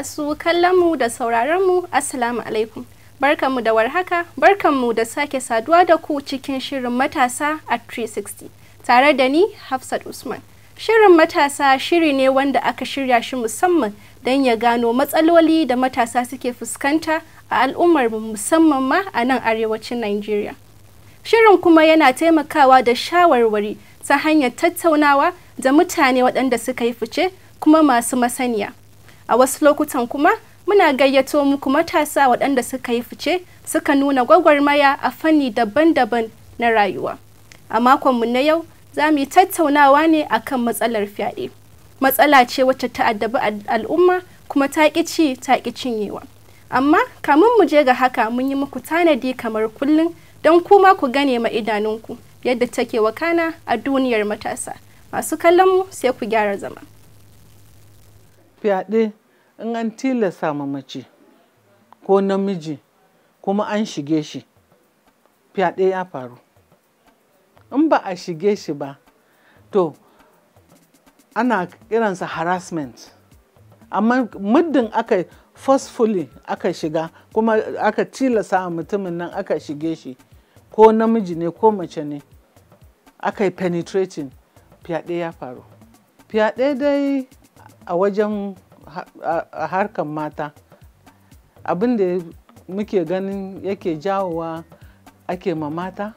masu kallon mu da sauraron mu assalamu alaikum barkanmu da warhaka barkanmu da sake saduwa da ku cikin shirin matasa a 360 tare da ni hafsat usman shirin matasa shiri ne wanda aka shirya shi musamman don ya gano matsaloli da matasa suke fuskanta a al'ummar mu musamman ma a nan arewacin nigeria shirin kuma yana taimakawa da shawarwari ta hanyar tattaunawa da mutane waɗanda suka yi fice kuma masu masaniya a wasu lokutan kuma muna gayyato muku matasa waɗanda suka yi fice suka nuna gwagwarmaya a fanni daban-daban na rayuwa a makonmu na yau za mu yi tattaunawa ne akan matsalar fyaɗe matsala ce wacce ta addabi al'umma kuma ta ci ta ƙi cinyewa amma kamun mu je ga haka mun yi muku tanadi kamar kullum don kuma ku gane ma idanunku yadda take wakana a duniyar matasa masu kallon mu sai ku gyara zama in an tilasta ma mace ko namiji kuma an shige shi fyaɗe ya faru in ba a shige shi ba to ana kiransa harassment amma muddin aka forcefully aka shiga kuma aka tilasa a mutumin nan aka shige shi ko namiji ne ko mace ne aka yi penetrating fyaɗe ya faru fyaɗe dai a wajen a harkar mata abin da muke ganin yake jawowa ake ma mata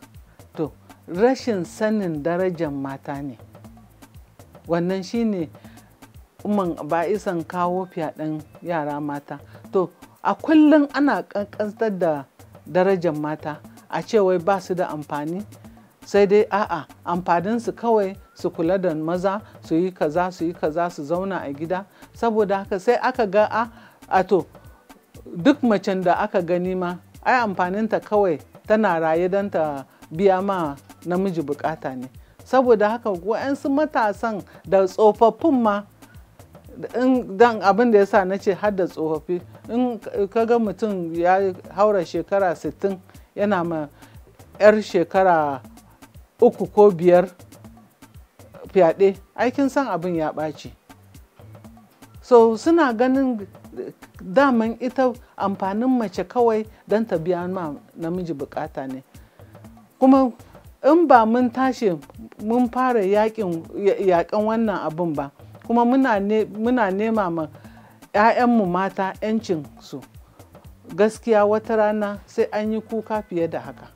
to rashin sanin darajar mata ne wannan shine umman ba isan kawo fyaɗen yara mata to a kullum ana ƙanƙantar da darajar mata a cewai ba su da amfani sai dai a'a amfaninsu kawai su kula da maza su yi kaza su yi kaza su zauna a gida saboda haka sai aka ga ah, a duk macen da aka gani ma ai amfaninta kawai tana raye don ta biya ma namiji bukata ne saboda haka wa'yansu matasan da tsofaffin ma dan abin da ya sa na ce har da tsofaffi in ka ga mutum ya haura shekara 60 yana ma 'yar shekara uku ko biyar fyaɗe aikin san abin ya ɓaci so suna ganin eh, daman ita amfanin mace kawai don ta biya ma namiji bukata ne kuma in ba mun tashi mun fara yakin wannan abin ba kuma muna nema ma 'ya'yanmu mata 'yancin su gaskiya wata rana sai an yi kuka fiye da haka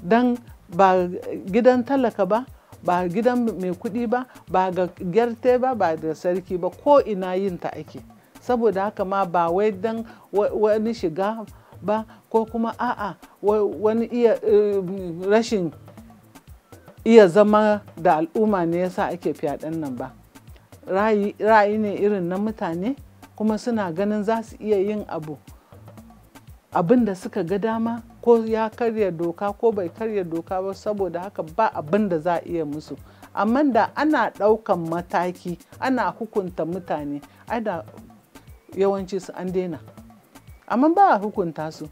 don ba gidan talaka ba ba gidan mai kuɗi ba ba ga gyarte ba ba da sarki ba ko ina yin ta ake saboda haka ma ba wai dan wani shiga ba ko kuma a'a wani iya eh, rashin iya zama da al'umma ne yasa ake fyaɗen nan ba ra'ayi ne irin na mutane kuma suna ganin za su iya yin abu abin da suka ga dama ko ya karya doka ko bai karya doka ba saboda haka ba abin da za a iya musu amma da ana ɗaukan mataki ana hukunta mutane ai da yawanci su an daina amma ba a hukunta su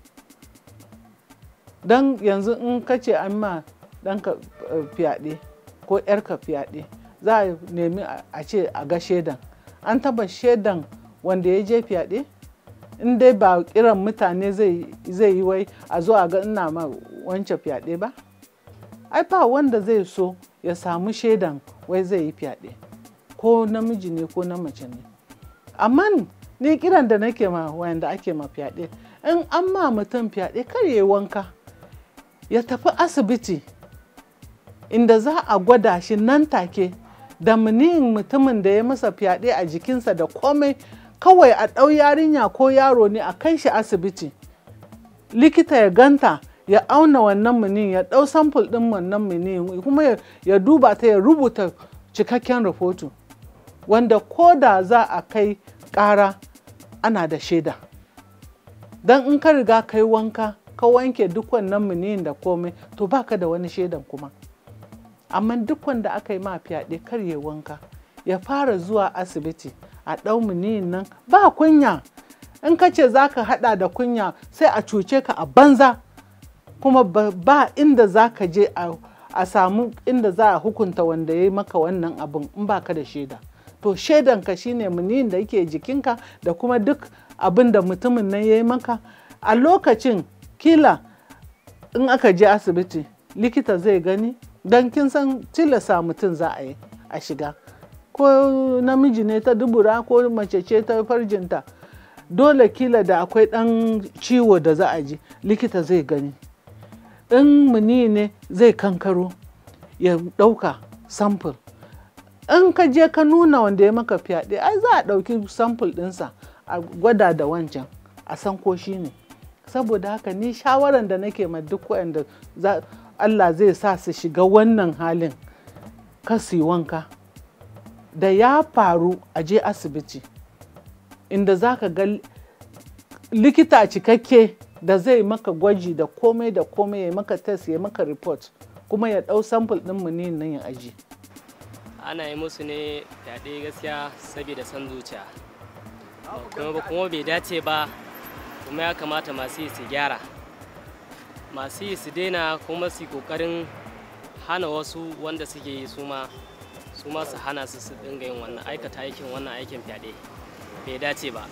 don yanzu in ka ce an ma ɗanka eh, fyaɗe ko ‘yarka fyaɗe za a nemi a ce a ga shaidan an taba shaidan wanda ya je fyaɗe in dai ba kiran mutane zai yi wai a zo a ga ina ma wancan fyaɗe ba ai ba wanda zai so ya samu shaidan wai zai yi fyaɗe ko namiji ne ko na mace ne amma ni kiran da nake ma wanda ake ma fyaɗe in an ma mutum fyaɗe kar ya wanka ya tafi asibiti inda za a gwada shi nan take da mutumin da ya masa fyaɗe a jikinsa da komai kawai a ɗau yarinya ko yaro ne a kai shi asibiti likita ya ganta ya auna wannan munin, ya ɗau samfur ɗin wannan munin, kuma ya duba ta ya rubuta cikakken rahoto wanda ko da za a kai ƙara ana da shaida don in ka riga kai wanka ka wanke duk wannan munin da komai to ba ka da wani shaidan kuma amma duk wanda aka yi ma fyaɗe kar ya wanka ya fara zuwa asibiti a ɗau muniyin nan ba kunya in ka ce za ka haɗa da kunya sai a cuce ka a banza kuma ba inda za ka je a samu inda za a hukunta wanda ya yi maka wannan abin in ba ka da shaida to shaidanka shine muniyin da yake jikinka da kuma duk abin da mutumin nan ya yi maka a lokacin kila in aka je asibiti likita zai gani don kin san tilasa mutum za a yi a shiga ko namiji ne ta dubura ko mace ce ta farjinta dole kila da akwai ɗan ciwo da za a ji likita zai gani in muni ne zai kankaro ya ɗauka samfur in ka je ka nuna wanda ya maka fyaɗe ai za a ɗauki samfur ɗinsa a gwada da wancan a san ko shi ne saboda haka ni shawaran da nake ma duk waɗanda Allah zai sa su shiga wannan halin ka su wanka da ya faru a je asibiti inda za ka ga likita cikakke da zai maka gwaji da komai da komai ya maka test ya maka report kuma ya ɗau sample ɗin ne nan ya aji ana yi musu ne fyaɗe gaskiya saboda san zuciya kuma bai dace ba kuma ya kamata masu yi su gyara masu yi su daina kuma su kokarin hana wasu wanda suke yi su ma su ma su hana su su dinga yin wannan aikata aikin wannan aikin fyaɗe bai dace ba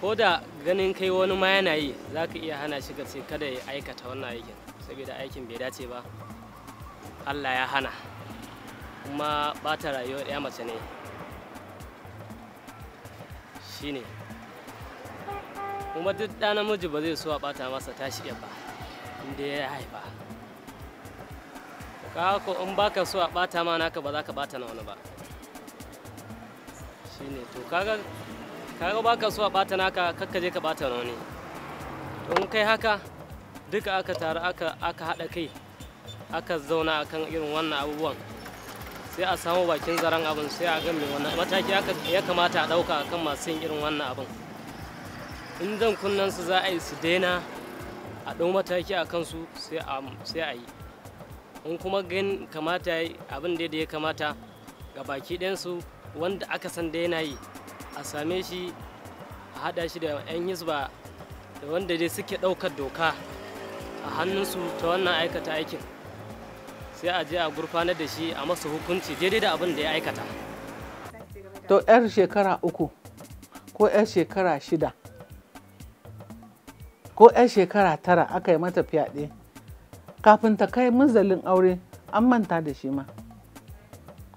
ko da ganin kai wani ma yana yi za ka iya hana shi ka ce kada ya aikata wannan aikin saboda aikin bai dace ba allah ya hana kuma ɓata rayuwar ya mace ne shine kuma duk ɗa namiji ba zai so a ɓata masa tashi ba inda ya haifa ka ko in baka so a bata ma naka ba za ka bata na wani ba Shi ne to kaga kaga baka so a bata naka kakka je ka bata na wani to in kai haka duka aka taru aka aka hada kai aka zauna akan irin wannan abubuwan sai a samu bakin zaren abin sai a ga mai wannan mataki ya kamata a dauka akan masu yin irin wannan abin in zan kunnen su za a yi su daina a dau mataki a kansu sai a yi in kuma gan kamata abin da ya kamata ga baki ɗansu wanda aka san da yana yi a same shi a haɗa shi da 'yan hisba da wanda dai suke ɗaukar doka a hannunsu ta wannan aikata aikin sai a je a gurfanar da shi a masa hukunci daidai da abin da ya aikata to 'yar shekara uku ko 'yar shekara shida ko 'yar shekara tara aka yi mata fyaɗe kafin ta kai munzalin aure an manta da shi ma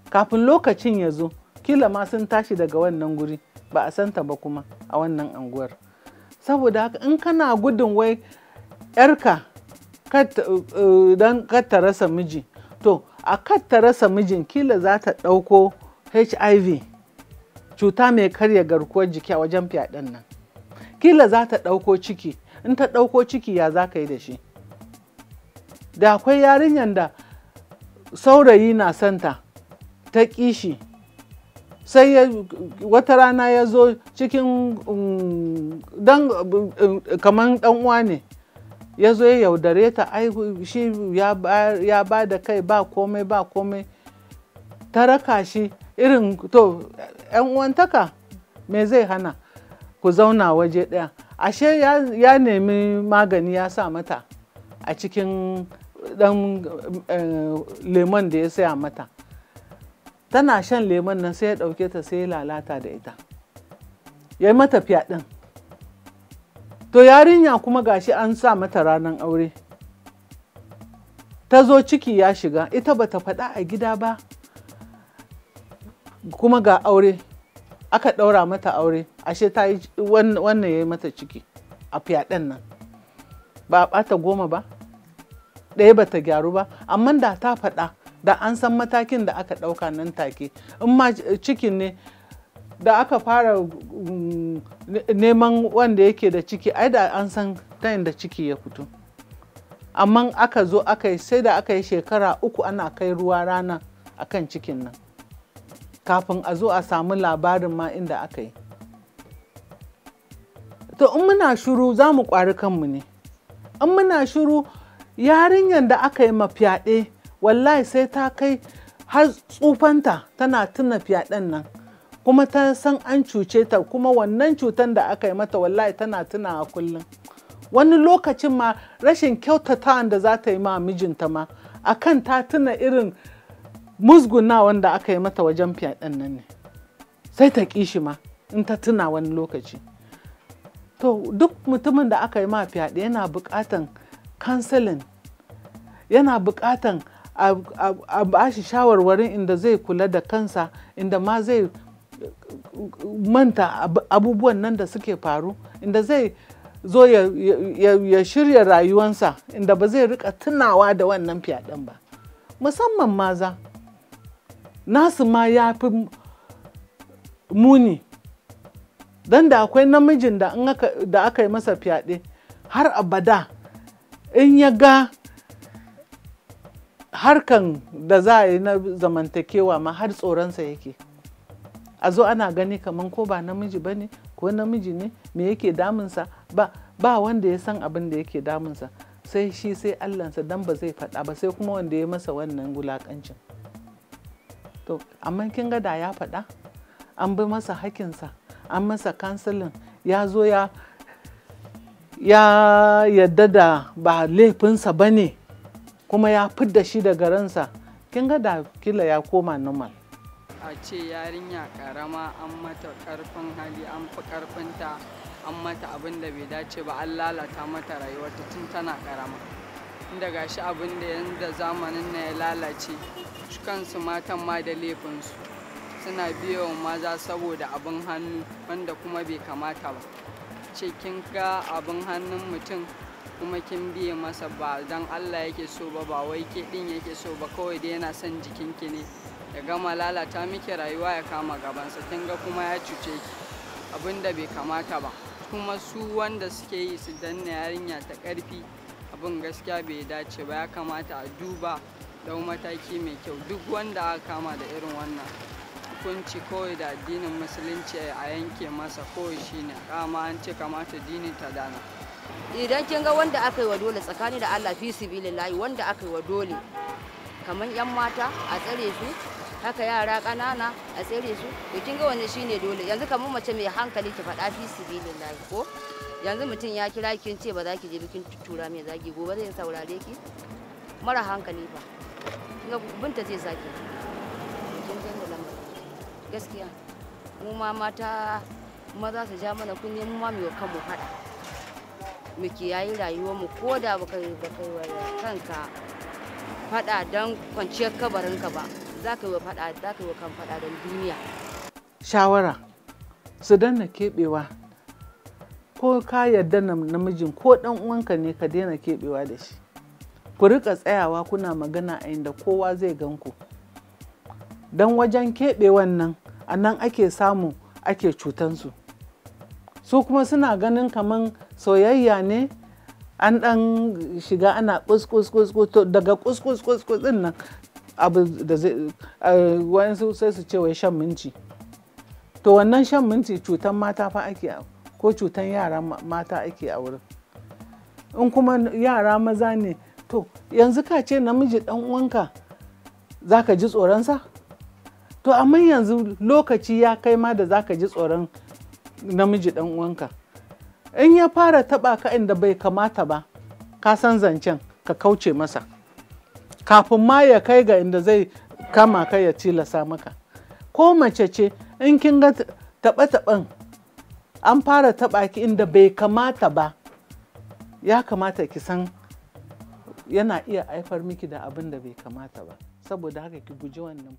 kafin lokacin ya zo kila ma sun tashi daga wannan guri ba a santa ba kuma a wannan anguwar saboda haka in kana gudun wai yarka eh, don ta rasa miji to a ta rasa mijin kila za ta ɗauko hiv cuta mai karya garkuwar jiki a wajen fyaɗen nan kila za ta ɗauko ciki in ta ɗauko ciki ya za ka yi da shi da akwai yarinyar da saurayi na santa ta kishi sai wata rana ya zo cikin um, dan um, kamar dan uwa ne ya zo ya yaudare ta ai shi ya ba da kai ba komai ba komai ta raka shi irin to yan uwantaka me zai hana ku zauna waje ɗaya ashe ya nemi magani ya sa mata a cikin dan eh, lemon da ya saya mata tana shan lemon nan sai ya dauke ta sai ya lalata da ita ya yi mata fyaɗin to yarinya kuma gashi an sa mata ranar aure ta zo ciki ya shiga ita bata faɗa a gida ba kuma ga aure aka ɗaura mata aure ashe ta yi wannan ya yi mata ciki a fyaɗen nan ba a ɓata goma ba ɗaya ba ta gyaru ba amma da ta faɗa da an san matakin da aka ɗauka nan take in ma cikin ne da aka fara mm, neman wanda yake da ciki ai da an san ta da ciki ya fito amma aka zo aka yi sai da aka yi shekara uku ana kai ruwa rana a kan cikin nan kafin a zo a samu labarin ma inda aka yi to in muna shuru za mu ƙwari kanmu ne in muna shiru yarinyar da aka yi fyaɗe wallahi sai ta kai har tsufanta tana tuna fyaɗen nan kuma ta san an cuce ta kuma wannan cutan da aka yi mata wallahi tana tuna a kullum wani lokacin ma rashin kyautatawan da za ta yi ma mijinta ma akan ta tuna irin musguna da aka yi mata wajen fyaɗen nan ne sai ta ƙi shi ma in ta tuna wani lokaci to duk mutumin da aka yi ma fyaɗe yana buƙatan kansalin yana buƙatan a ba shi shawarwarin inda zai kula da kansa inda ma zai eh, manta abubuwan nan da suke faru inda zai zo ya, shirya rayuwansa inda ba zai rika tunawa da wannan fyaɗen ba musamman maza nasu ma ya fi muni don da akwai namijin da aka yi masa fyaɗe har abada in ya ga harkan da za a yi na zamantakewa ma har tsoronsa yake a zo ana gani kamar ko ba namiji ba ne ko namiji ne me yake damunsa ba ba wanda ya san abin da yake damunsa sai shi sai allansa dan ba zai faɗa ba sai kuma wanda ya masa wannan wulaƙancin to amma kin ga da ya faɗa an bi masa hakinsa an masa kansalin ya zo ya ya yadda da ba laifinsa ba ne kuma ya fidda shi daga ransa kin ga da kila ya koma normal a ce yarinya karama an mata karfin hali an fi karfinta an mata abin da bai dace ba an lalata mata rayuwarta tun tana karama inda gashi abin da yanzu zamanin na ya lalace shi kansu matan ma da laifinsu suna biyan maza saboda abin hannu wanda kuma bai kamata ba ce kin ga abin hannun mutum kuma kin biye masa ba don allah yake so ba ba wai ke din yake so ba kawai dai yana son jikinki ne ya gama lalata miki rayuwa ya kama gabansa kin ga kuma ya cuce ki abin da bai kamata ba kuma su wanda suke yi su danna yarinya ta karfi abin gaskiya bai dace ba ya kamata a duba dau mataki mai kyau duk wanda aka kama da irin wannan hukunci kawai da addinin musulunci a yanke masa kawai shine kama an ce kamata dini ta dana idan kin ga wanda aka yi wa dole tsakani da Allah fi sibilillahi wanda aka yi wa dole kamar yan mata a tsare su haka yara ƙanana a tsare su to kin ga wani shine dole yanzu kamar mace mai hankali ki faɗa fi sibilillahi ko yanzu mutum ya kira kin ce ba za ki je bikin tura mai zagi gobe zai saurare ki mara hankali fa binta zai zaki gaskiya mu ma mata maza su ja mana kunye mu ma mu kanmu fada, mu yayi rayuwar mu ko da baka baka kanka fada don kwanciyar kabarinka ba za ka yi wa faɗa za yi kan fada don duniya shawara su danna keɓewa ko ka yarda namijin ko ɗan uwanka ne ka daina keɓewa da shi ku rika tsayawa kuna magana a inda kowa zai ganku. don wajen keɓe wannan a nan ake samu ake cutansu su kuma suna ganin kaman soyayya ne an ɗan shiga ana to daga kuskus ɗin nan abu da zai sai su ce wai shan minci to wannan shan minci cutan mata fa ake ko cutan yara mata ake a wurin in kuma yara maza ne to yanzu ka ce namiji ɗan uwanka za ka ji tsoronsa to amma yanzu lokaci ya kai ma da zaka ji tsoron namiji dan uwanka in ya fara taba ka inda bai kamata ba ka san zancen ka kauce masa kafin ma ya kai ga inda zai kama ka ya tilasa maka ko mace ce in kin ga taba taban an fara taɓa ki inda bai kamata ba ya kamata ki san yana iya haifar miki da abin da bai kamata ba saboda haka ki guji wannan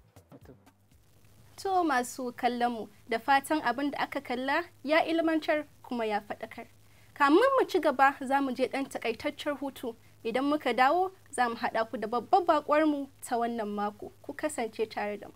To masu kallon mu da fatan abin da aka kalla ya ilmantar kuma ya faɗakar. Kamun mu ci gaba za mu je ɗan takaitaccen hutu idan muka dawo za mu haɗa ku da babbar baƙwar mu ta wannan mako ku kasance tare da mu.